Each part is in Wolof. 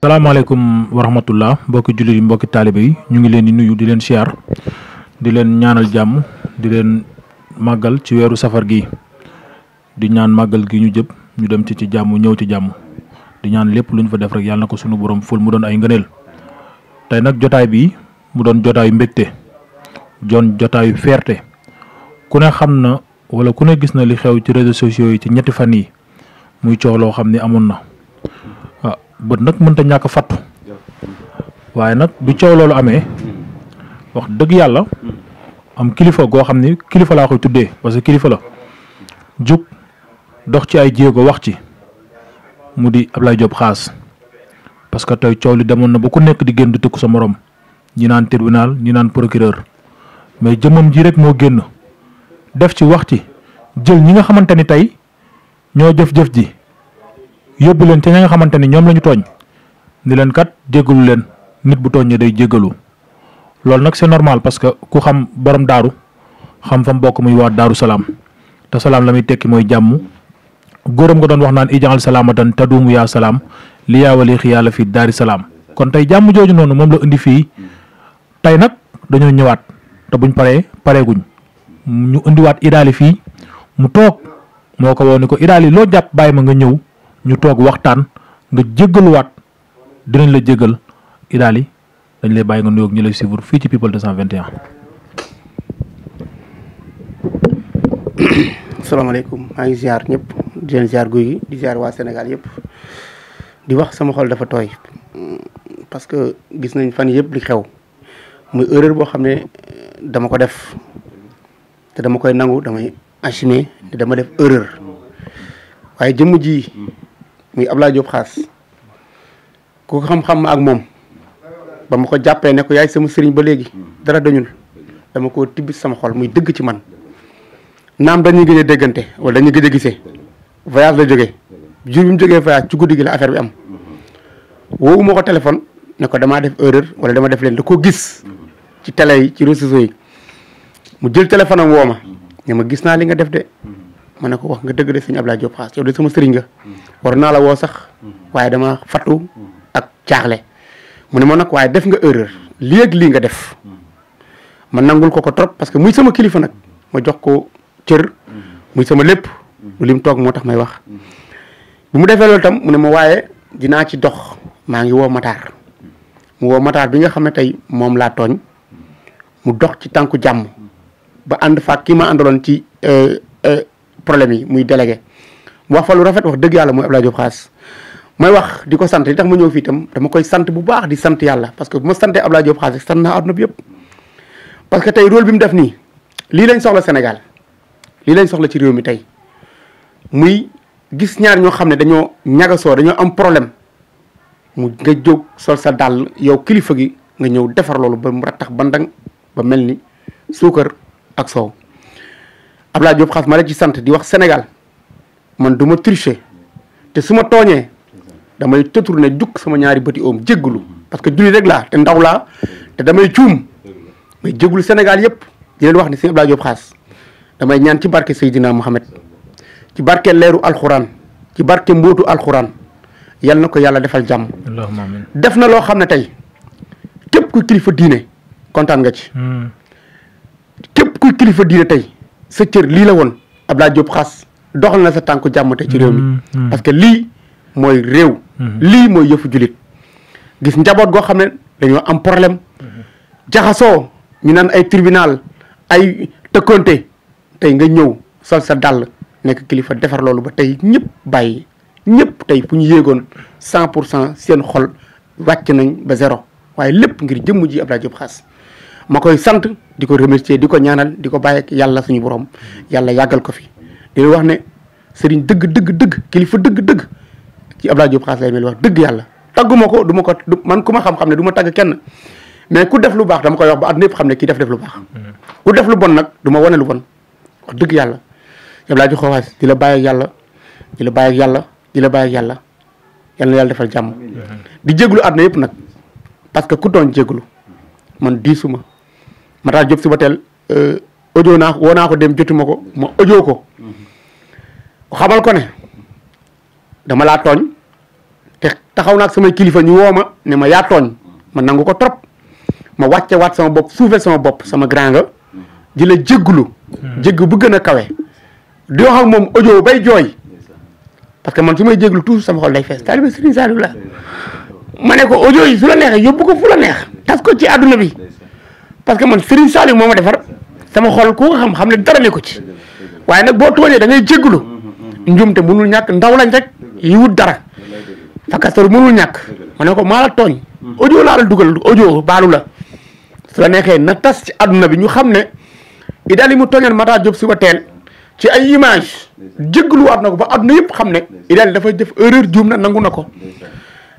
salaamaaleykum wa rahmatullah mbokki jullit yi mbokki taalibe yi ñu ngi leen di nuyu di leen siyaar di leen ñaanal jàmm di leen màggal ci weeru safar gi di ñaan màggal gi ñu jëpp ñu dem ci ci jàmm ñëw ci jàmm di ñaan lépp lu ñu fa def rek yàlla na ko sunu borom ful mu doon ay ngëneel tey nag jotaay bi mu doon jotaayu mbégte doon jotaayu fierté ku ne xam na wala ku ne gis na li xew ci réseaux sociaux yi ci ñetti fan yi muy coow loo xam ni amoon na. bët nag mënta ñàkk fattu waaye nag bi coow loolu amee wax dëgg yàlla am kilifa goo xam ni kilifa laa koy tuddee parce que kilifa la jug dox ci ay jéego wax ci mu di Ablaye Diop xaas parce que tey coow li demoon na ba ku nekk di génn di tëkku sa moroom ñi naan tribunal ñi naan procureur may jëmmam ji rek moo génn def ci wax ci jël ñi nga xamante ni tey ñoo jëf-jëf ji yóbbu leen ci ña nga xamante ni ñoom la ñu tooñ ni leen kat jéggalu leen nit bu tooñ day jéggalu loolu nag c'est normal parce que ku xam borom daaru xam fa mu muy wax daaru salaam te salaam la muy tekki mooy jàmm góoram nga doon wax naan ijaal salaamatan taduumu yaa salaam li yaawali xiyaala fi daari salaam kon tey jàmm jooju noonu moom la indi fii tey nag dañoo ñëwaat te buñ paree pareeguñ ñu indiwaat idaali fii mu toog moo ko woo ko idaali loo jàpp bàyyi ma nga ñëw ñu toog waxtaan nga jéggaluwaat dinañ la jéggal Idaly dañ lay bàyyi nga nuyoog ñu lay suivre fii ci People 221. asalaamaaleykum maa ngi ziar ñëpp di leen ziar guy gi di ziar waa Sénégal yëpp di wax sama xol dafa tooy parce que gis nañ fan yëpp di xew muy erreur boo xam ne eh, dama ko def te dama koy nangu damay assumer ne dama def erreur waaye jëmm ji muy Abdoulaye Diop Xaas ku xam-xam ma ak moom ba ma ko jàppee ne ko yaay sama sëriñ ba léegi dara dañul dama koo tibbit sama xol muy dëgg ci man naam dañuy gëj a déggante wala dañuy gëj a gisee voyage la jógee jur bi mu jógee voyage ci guddi gi la affaire bi am woowu ma ko téléphone ne ko damaa def erreur wala dama def leen da koo gis ci télé yi ci réseaux yi mu jël téléphone am woo ma ne ma gis naa li nga def de ma ne ko wax nga dëgg de sëñ Abdoulaye Diop Xaas yow de sama sëriñ nga war naa la woo sax waaye dama fattu ak caaxle mu ne ma nag waaye def nga erreur léegi lii nga def ma nangul ko ko trop parce que muy sama kilifa nag ma jox ko cër muy sama lépp lu lim toog moo tax may wax bu mu defee loolu tam mu ne ma waaye dinaa ci dox maa ngi woo Matar mu woo Matar bi nga xam ne tey moom laa tooñ mu dox ci tànku jàmm ba ànd faak kii ma ci euh, euh, problème yi muy délégué mu wax fa lu rafet wax dëgg yàlla mooy Abdoulaye Diop Khass mooy wax di ko sant li tax ma ñëw fii tam dama koy sant bu baax di sant yàlla parce que bu ma santee Abdoulaye Diop Khass sant naa àdduna bi yëpp parce que tey rôle bi mu def nii lii lañ soxla Sénégal lii lañ soxla ci réew mi tey muy gis ñaar ñoo xam ne dañoo ñagasoo dañoo am problème mu nga jóg sol sa dàll yow kilifa gi nga ñëw defar loolu ba mu rattax bandang ba mel ni suukar ak soow Abdoulaye Diop Khass ma la ci sant di wax Sénégal man du ma tricher te suma tooñee damay tëtur ne jukk sama ñaari bëti oom jégglu parce que julli rek laa te ndaw laa te damay cuum may jégglu Sénégal yëpp di leen wax ne sëñ Abdoulaye Diop Khass damay ñaan ci barke Seydina Mohamed ci barke leeru alxuraan ci barke mbóotu alxuraan yal na ko yàlla defal jàmm. def na loo xam ne tey képp kuy kilifa diine kontaan nga ci. Hmm. képp kuy kilifa diine tey. sa cër lii la woon Abdoulaye Diop xas doxal na sa tànku jàmmate ci réew mi mm-hmm. Mm-hmm. parce que lii mooy réew mm-hmm. lii mooy yëfu julit gis njaboot goo xam ne dañoo am problème jaxasoo ñu naan ay tribunal ay tëkkonte tey nga ñëw sol sa dàll nekk kilifa defar loolu ba tey ñëpp bàyyi ñëpp tey fu ñu yéegoon cent pour cent seen xol wàcc nañ ba zéro waaye lépp ngir jëmm ji Abdoulaye Diop Xaas ma koy sant di ko remercier di ko ñaanal di ko bàyyi yàlla suñu borom yàlla yàggal ko fi di wax ne sëriñ dëgg dëgg dëgg kilifa dëgg dëgg ci Abdoulaye Diop Khass lay mel wax dëgg yàlla tagguma ko du ma ko man ku ma xam-xam ne duma tagg kenn mais ku def lu baax dama koy wax ba at ñëpp xam ne kii def def lu baax mm-hmm. ku def lu bon nag duma ma wane lu bon wax dëgg yàlla Abdoulaye Diop Khass di la bàyyi yàlla di la bàyyi yàlla di bàyyi yàlla yàlla yàlla defal jàmm di jéglu àdduna yëpp nag parce que ku doon jéglu man diisuma Matar Diop Subatel audio naa woo naa ko dem jotuma ko ma audio ko xamal ko ne dama laa tooñ te taxaw naa ak samay kilifa ñu woo ma ne ma yaa tooñ ma nangu ko trop ma wàcce waat sama bopp suufe sama bopp sama grand nga di la jéggulu jégg bu gën a kawe di wax moom audio bay jooy parce que man su may jéglu toujours sama xol day fees taalibe Serigne Saliou la ma ne ko audio su la neexee yóbbu ko fu la neex tas ko ci àdduna bi parce que man Serigne Saliou moo ma defar sama xol ku ko xam xam ne dara ne ko ci waaye nag boo tooñee da ngay jégalu njumte mënul ñàkk ndaw lañ rek yi wut dara fakkastaru mënul ñàkk ma ne ko maa la tooñ audio laa la dugal baalu la su la neexee na tas ci àdduna bi ñu xam ne idaal Idali mu tooñal Matar job si ba teel ci ay image jégaluwaat na ko ba àdduna yëpp xam ne Idali dafa def erreur juum na nangu na ko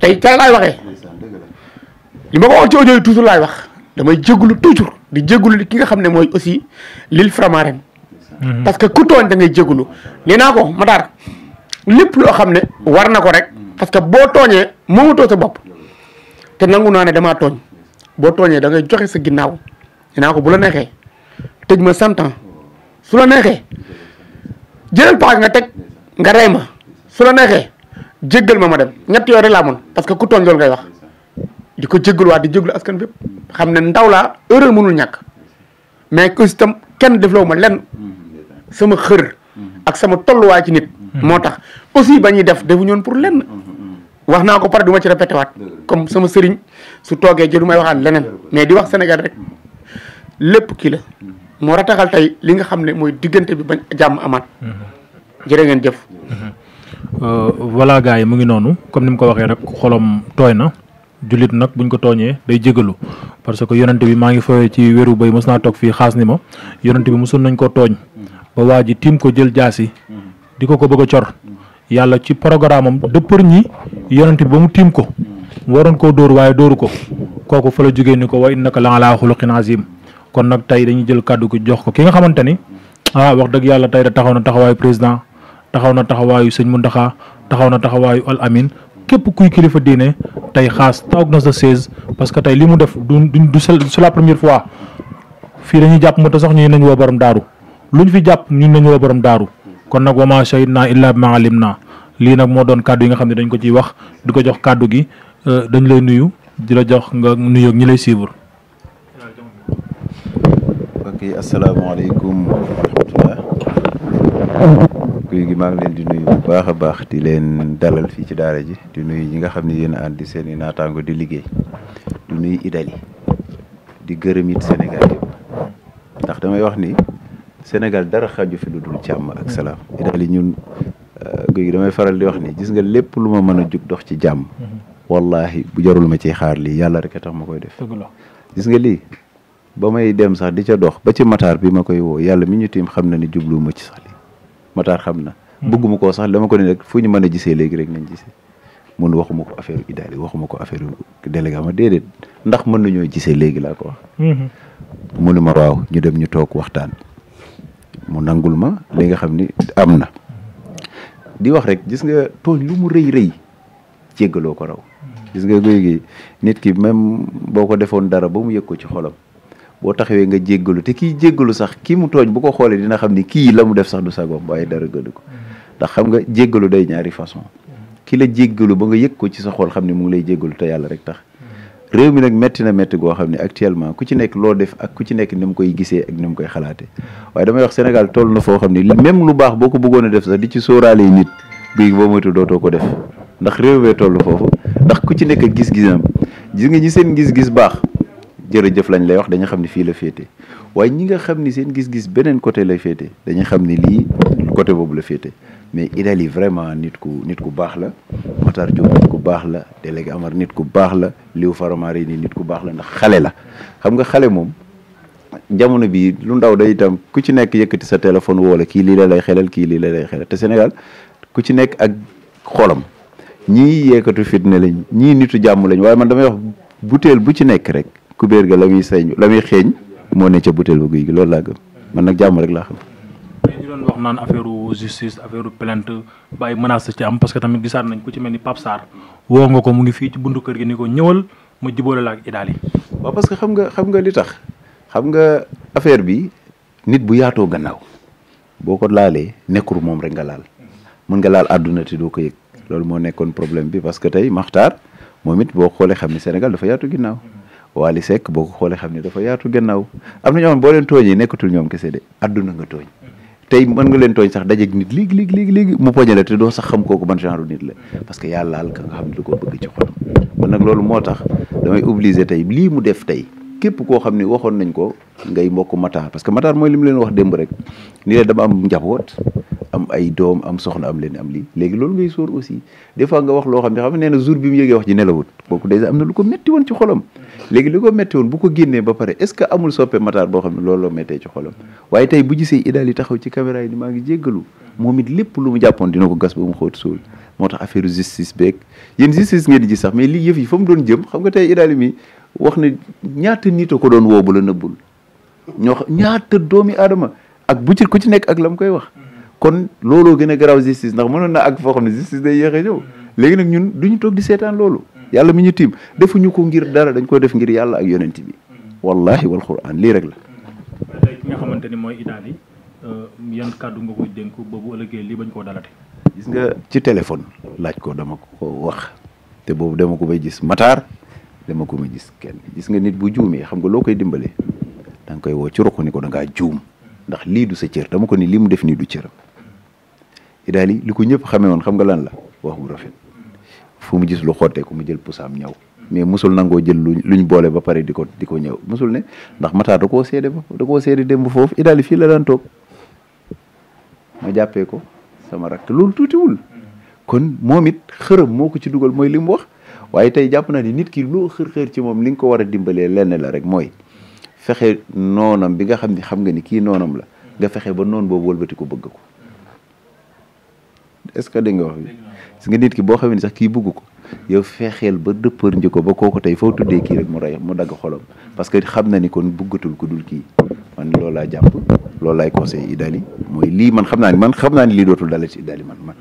tey ca laay waxee li ma ko wax ci audio yi laay wax damay jégalu toujours di jégalu ki nga xam ne mooy aussi lil Framaren. Mhm. parce que ku tooñ da ngay jégalu. nee naa ko ma daar lépp loo xam ne war na ko rek. parce que boo tooñee moomatoo sa bopp. te nangu naa ne damaa tooñ. boo tooñee da ngay joxe sa ginnaaw. nee ko bu la neexee tëj ma cent su la neexee jëlal paas nga teg nga rey ma su la neexee jéggal ma ma dem ñett yooyu rek laa amoon parce que ku tooñ loolu ngay wax. di ko jégaluwaat di jégalu askan bépp xam ne ndaw laa erreur mënul ñàkk mais aussi itam kenn defloo ma lenn sama xër ak sama tolluwaay ci nit. moo tax aussi ba ñuy def defu ñoon pour lenn. wax naa ko pare du ma ci répété waat comme sama sëriñ su toogee jël du may waxaat leneen mais di wax Sénégal rek lépp kii la moo rataxal tey li nga xam ne mooy diggante bi bañ jàmm amaat. jërë ngeen jëf. Euh, voilà gars yi mu ngi noonu comme ni mu ko waxee rek xolom tooy na. jullit nag buñ ko tooñee day jégalu parce que yonante bi maa ngi fawee ci wéru bay mos naa toog fii xaas ni ma yonante bi mosoon nañ ko tooñ ba waa ji tiim ko jël jaasi di ko ko bëgg a cor yàlla ci programme am dëppër ñi yonante bi ba mu tiim ko waroon koo dóor waaye dóoru ko kooku fa la jógee ni ko wa innaka la ala xuluqin azim kon nag tey dañuy jël kàddu gi jox ko ki nga xamante ni ah wax dëgg yàlla tey da taxaw na taxawaayu président taxaw na taxawaayu sëñ Mountakha taxaw na taxawaayu al amin képp kuy kilifa diine tey xaas toog na sa chaise parce que tey li mu def du du c'est la première fois fii dañuy jàpp mu te sax ñu nañu woo borom daaru ñu fi jàpp ñu nañu woo borom daaru kon nag wa maa shahidnaa illaa bimaa alimnaa lii nag moo doon kàddu yi nga xam ne dañ ko ciy wax di ko jox kàddu gi euh, dañ lay nuyu di la jox nga nuyoog ñi lay suivre. mbokk yi guy gi maa ngi leen di nuyu bu baax a baax di leen dalal fii ci daara ji di nuyu ñi nga xam ne yéen ànd di seen i naataango di liggéey di nuyu Idali di gërëm it Sénégal yëpp ndax damay wax ni Sénégal dara xaju lu dul jàmm ak salaam euh, faral di wax ni gis nga lépp lu ma mën a jug dox ci jàmm mm-hmm. wallahi bu jarul ma ciy xaar li yàlla rek tax ma koy def gis nga lii ba may dem sax di ca dox ba ci mataar bi ma koy woo yàlla mi ñu tiim xam na ni jubluwuma ci sax li Matar xam na. bëgguma koo sax dama ko ne rek fu ñu mën a gisee léegi rek nañ gisee. mun waxuma ko affaire idaali waxuma ko affaire délégué ma déedéet ndax mën nañoo gisee léegi laa ko wax. Mhm. mu ma waaw ñu dem ñu toog waxtaan. mu nangul ma li nga xam ni am na. di wax rek gis nga tooñ lu mu rëy rëy jéggaloo ko raw. gis nga guy gi nit ki même boo ko defoon dara ba mu yëg ko ci xolam. boo taxawee nga jéggalu te kii jéggalu sax ki mu tooñ bu ko xoolee dina xam ni kii la mu def sax du sagoom waaye dara gënu ko ndax xam nga jéggalu day ñaari façon ki la jéggalu ba nga yëg ko ci sa xool xam ni mu ngi lay jéggalu te yàlla rek tax réew mi nag metti na metti goo xam ne actuellement ku ci nekk loo def ak ku ci nekk ni mu koy gisee ak ni mu koy xalaatee waaye damay wax Sénégal toll na foo xam ne même lu baax boo ko a def sax di ci sóoraale nit bii boo moytu dootoo ko def ndax réew mi toll foofu ndax ku ci nekk gis-gisam gis nga ñi seen gis-gis baax jërëjëf lañ lay wax dañu xam ni fii la féete waaye ñi nga xam ni seen gis-gis beneen côté lay féete dañu xam ni lii côté boobu la féete mais Idali vraiment nit ku nit ku baax la Matar Diop nit ku baax la délégué Amar nit ku baax la Liw Faramari nii nit ku baax la ndax xale la xam nga xale moom jamono bi lu ndaw day itam ku ci nekk yëkkati sa téléphone woo kii lii la lay xelal kii lii la lay xelal te Sénégal ku ci nekk ak xolam ñii yeekatu fitne lañ ñii nitu jàmm lañ waaye man damay wax butéel bu ci nekk rek kubéer ga la muy sañ la muy xeeñ moo ne ca butéel ba guy gi loolu laa gëm man nag jàmm rek laa xam. wax naan affaire justice affaire plainte ba ay menaces ci am parce que tamit gisaat nañ ku ci mel ni Pape Sarr woo nga ko mu ngi fii ci buntu kër gi ni ko ñëwal ma jubóole la ak idaal yi. parce que xam nga xam nga li tax xam nga affaire bi nit bu yaatoo gannaaw boo ko laalee nekkul moom rek nga laal mën nga laal àdduna te doo ko yëg loolu moo nekkoon problème bi parce que tey Makhtar moom it boo xoolee xam ni Sénégal dafa yaatu ginnaaw. Wally sekk boo ko xoolee xam ne dafa yaatu gannaaw am na ñoo boo leen tooñee nekkatul ñoom kese de adduna nga tooñ tey mën nga leen tooñ sax dajeeg nit léegi léegi léegi léegi mu poñe la te doo sax xam kooku ban genre nit la parce que yàlla al ka nga xam ne du ko bëgg ci xolam man nag loolu moo tax damay obligé tey lii mu def tey képp koo xam ni waxoon nañ ko ngay mbokk Matar parce que Matar mooy li mu leen wax démb rek ni leen dama am njaboot am ay doom am soxna am leen am lii léegi loolu ngay sóor aussi des nga wax loo xam ne xam ne nee na jour mu yëgee wax ji nelawut kooku ko métti ba pare est-ce amul soppe Matar boo xam ne looloo méttee ci xolam waaye tey bu gisee idaal yi taxaw ci caméra yi ni maa ngi jéggalu moom it lépp lu mu jàppoon dina ko gas ba mu xóot moo tax affaire justice beeg yéen justice doon jëm wax ne ñaata nit a ko doon woo bu la nëbbul ñoo xam ñaata doomi aadama ak bu ci ku ci nekk ak la mu koy wax kon looloo gën a garaw justice ndax mënoon na ak foo xam ne justice day yéex a ñëw léegi nag ñun duñu toog di seetaan loolu yàlla mi ñu tiim defuñu ko ngir dara dañ ko def ngir yàlla ak yonenti bi wallahi wal quran lii rek la tey ki nga xamante ni mooy Idaly euh, yan kàddu nga koy dénk boobu bu ëllëgee lii bañ koo dalate gis nga ci téléphone laaj ko dama ko wax te boobu dama ko bay gis Matar dama guma gis kenn gis nga nit bu juumee xam nga loo koy dimbalee da nga koy woo ci rokku ni ko da ngaa juum ndax lii du sa cër dama ko ni li mu def nii du cëram idaali li ko ñëpp xamee woon xam nga lan la wax bu rafet fu mu gis lu xottee mu jël pusaam ñaw mais musul nangoo jël luñ luñ boole ba pare di ko di ko ñëw musul ne ndax mataa da koo seede ba da koo seede démb foofu idaali fii la daan toog ma jàppee ko sama rakk loolu tuutiwul kon moom it xërëm moo ko ci dugal mooy li mu wax waaye tey jàpp na ni nit ki loo xër-xër ci moom li nga ko war a dimbalee lenn la rek mooy fexe noonam bi nga xam ni xam nga ni kii noonam la nga fexe ba noon boobu wëlbati ko bëgg ko est-ce que dégg nga wax bi nga nit ki boo xamee ni sax kii bugg ko yow fexeel ba dëppër nji ko ba kooku tey foo tuddee kii rek mu rey mu dagg xolam parce que xam na ni kon bëggatul ku dul kii man loolu laa jàpp loolu laay conseil Idali mooy lii man xam naa ni man xam naa ni lii dootul dalal ci dali man ma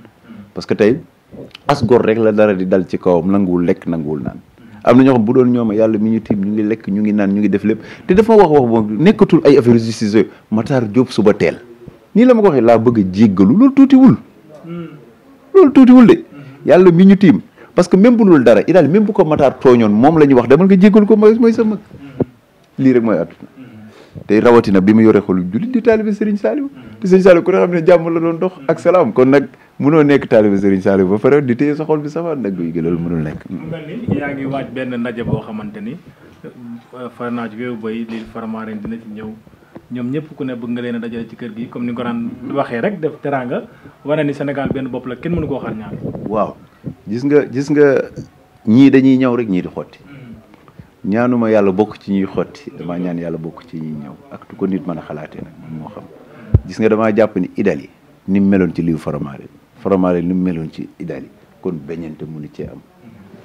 as gor rek la dara di dal ci kawam nanguwul lekk nanguwul naan am na ñoo xam bu doon ñooma yàlla mi ñu tiim ñu ngi lekk ñu ngi naan ñu ngi def lépp te dafa wax wax boo nekkatul ay affaire justice yooyu Matar Diop suba teel nii la ma ko waxee laa bëgg a jéggalu loolu tuutiwul loolu tuutiwul de yàlla mi ñu tiim parce que même bu dul dara idaal même bu ko Matar tooñoon moom la ñuy wax demal nga jéggalu ko mooy mooy sa mag lii rek mooy àdduna te rawatina bi mu yore xolu jullit di taalibe Serigne Saliou te Serigne Saliou ku ne xam ne jàmm la doon dox ak salaam kon nag mënoo nekk taalibe Serigne Saliou ba pare di téye sa xol bi safaan nag guy gëlal mënul nekk. mel ni yaa benn ndaje boo xamante ni euh, farnaaj wéewu bay lii farmarin dina ñëw ñoom ñëpp ku ne bëgg nga leen a ci kër gi comme ni ko daan waxee rek def teraanga wane ni Sénégal benn bopp la kenn mënu koo xar ñaar. waaw gis nga gis nga ñii dañuy ñëw rek ñii di xotti ñaanuma yàlla bokk ci ñuy xotti damaa ñaan yàlla bokk ci ñuy ñëw ak tu ko nit mën a xalaatee nag moo xam gis damaa jàpp ni idali ni mu meloon ci liiw Faramareen Faramareen ni mu meloon ci idali kon beñante mënu cee am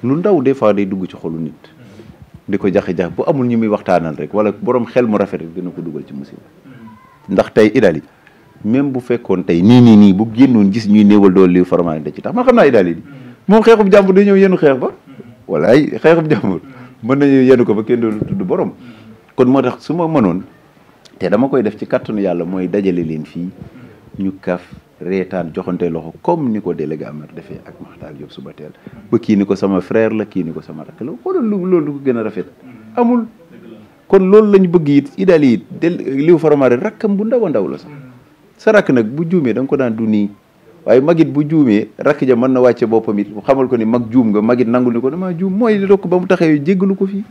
lu ndaw des fois day dugg ci xolu di ko jaxe-jaxe amul ñu muy waxtaanal rek wala borom xel mu rafet rek dina ko dugal ci musiba ndax tey idali même bu fekkoon tey nii nii nii bu génnoon gis ñuy néewal dool liiw Faramareen da ci tax man xam naa idali di moom xeexub jàmbur day ñëw yenu xeex ba wala ay xeexub jàmbur mën na yenu ko ba kenn du tudd borom kon ma tax su ma mënoon te dama koy def ci kattanu yàlla mooy dajale liin fii ñu kaf reetaan joxante loxo comme ni ko délégué Amar defee ak Makhtar Diop suba teel ba kii ni ko sama frère la kii ni ko sama rakk la xoolal lu ko gën a rafet amul kon loolu lañu bëgg it idaal it del liw faramaare rakkam bu ndawa ndaw la sax sa rakk nag bu juumee da ko daan du waaye magit bu juumee rakk ja mën na wàcce boppam it xamal ko ni mag juum nga magit nangul ni ko dama juum mooy li dokk ba mu taxee jéggalu ko fii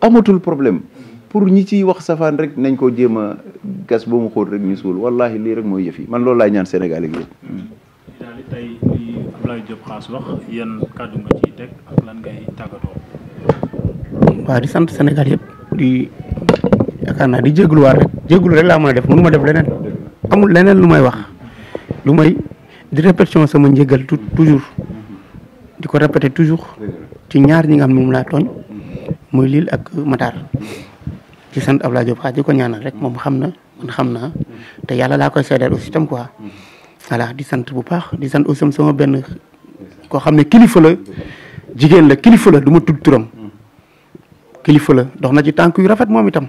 amatul problème pour ñi ciy wax safaan rek nañ ko jéem a gas ba mu rek ñu suul wallahi lii rek mooy yëf man loolu laay ñaan Sénégal ak yëpp daal di tey sant Sénégal yëpp di yaakaar di jégluwaat rek jéglu rek laa mën a def mënu ma def leneen amul leneen lu may wax lu may di répétition sama njëgal toujours di ko répété toujours ci ñaar ñi nga xam ne moom laa tooñ muy Lille ak Matar ci sant Abdoulaye Diop di ko ñaanal rek moom xam na man xam naa te yàlla laa koy seedeel aussi tam quoi voilà di sant bu baax di sant aussi sama benn koo xam ne kilifa la jigéen la kilifa la du ma tudd turam kilifa la dox na ci tànk yu rafet moom itam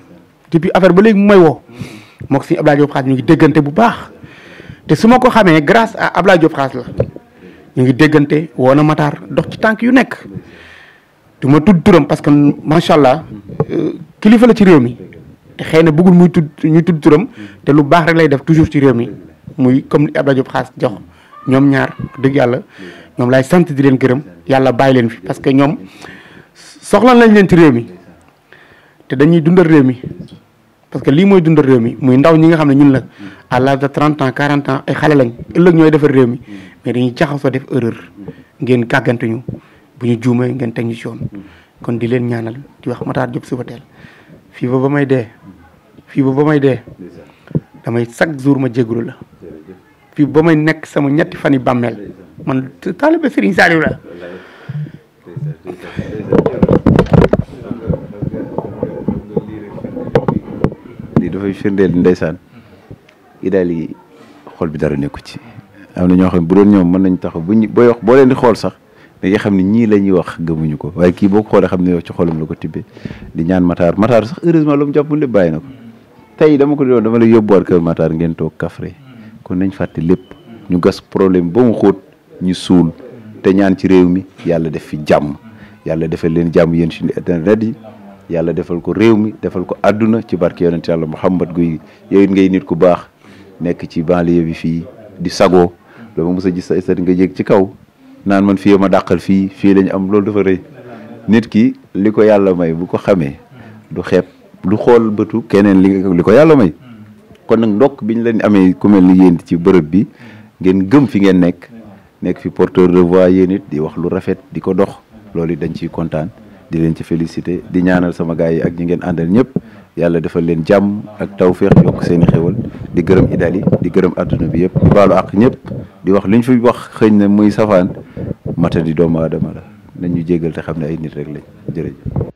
depuis affaire ba léegi mu may woo mook si Abdoulaye Diop ñu ngi dëggante bu baax te su ma ko xamee grâce à Ablaye Diop xaas la ñu ngi déggante woon a Matar dox ci tànk yu nekk du ma tudd turam parce que macha allah euh, kilifa la ci réew mi te xëy na bëggul muy tudd ñu tudd turam te lu baax rek lay def toujours ci réew mi muy comme ni Ablaye Diop xaas jox ñoom ñaar dëgg yàlla ñoom laay sant di leen gërëm yàlla bàyyi leen fi parce que ñoom soxla nañ leen ci réew mi te dañuy dundal réew mi. parce que lii mooy dundal réew mi muy ndaw ñi nga xam ne ñun la à l'âge ans quarante ans ay xale lañ ëllëg ñooy defar réew mi mais dañuy jaxasoo def erreur ngeen gàggante ñu bu ñu juumee ngeen teg ñu yoon kon di leen ñaanal di wax Matar Diop suba teel fii ba ba may dee fii ba ba may dee damay chaque jour ma jégalu la fii ba may nekk sama ñetti fan yi bàmmeel man taalibe Serigne Saliou la dafay firndeel ndeysaan idaal yi xool bi dara nekku ci am na ñoo xam ne bu doon ñoom mën nañ taxaw bu ñu booy wax boo leen di xool sax dañuy xam ne ñii la ñuy wax gëmuñu ko waaye kii boo ko xoolee xam ne yow ci xoolam la ko tibbee di ñaan Matar Matar sax heureusement lu mu jàpp lépp bàyyi na ko tey dama ko doon dama lay yóbbuwaat kër Matar ngeen toog kafre ko nañ fàtte lépp ñu gas problème boo mu xóot ñu suul te ñaan ci réew mi yàlla def fi jàmm yàlla defal leen jàmm yéen suñu internet yàlla defal ko réew mi defal ko àdduna ci barke yonent yàlla Muhammad guy yow it ngay nit ku baax nekk ci banlieue bi fii di sago dama mos a gis sa nga jeg ci kaw naan man fii ma dàqal fii fii lañu am loolu dafa rëy nit ki li ko yàlla may bu ko xamee du xep du xool bëtu keneen li li ko yàlla may kon nag ndokk ñu leen amee ku mel ni yéen ci bërëb bi ngeen gëm fi ngeen nekk nekk fi porteur de voix yéen it di wax lu rafet di ko dox loolu dañ ciy kontaan di leen ci félicité di ñaanal sama gars yi ak ñi ngeen àndal ñëpp yàlla defal leen jàmm ak tawféex yokk seen i xéwal di gërëm Idali di gërëm àdduna bi yëpp di baalu àq ñëpp di wax li ñu fi wax xëñ na muy safaan mata di doomu aadama la nañ ñu jéggal te xam ne ay nit rek lañ jërëjëf.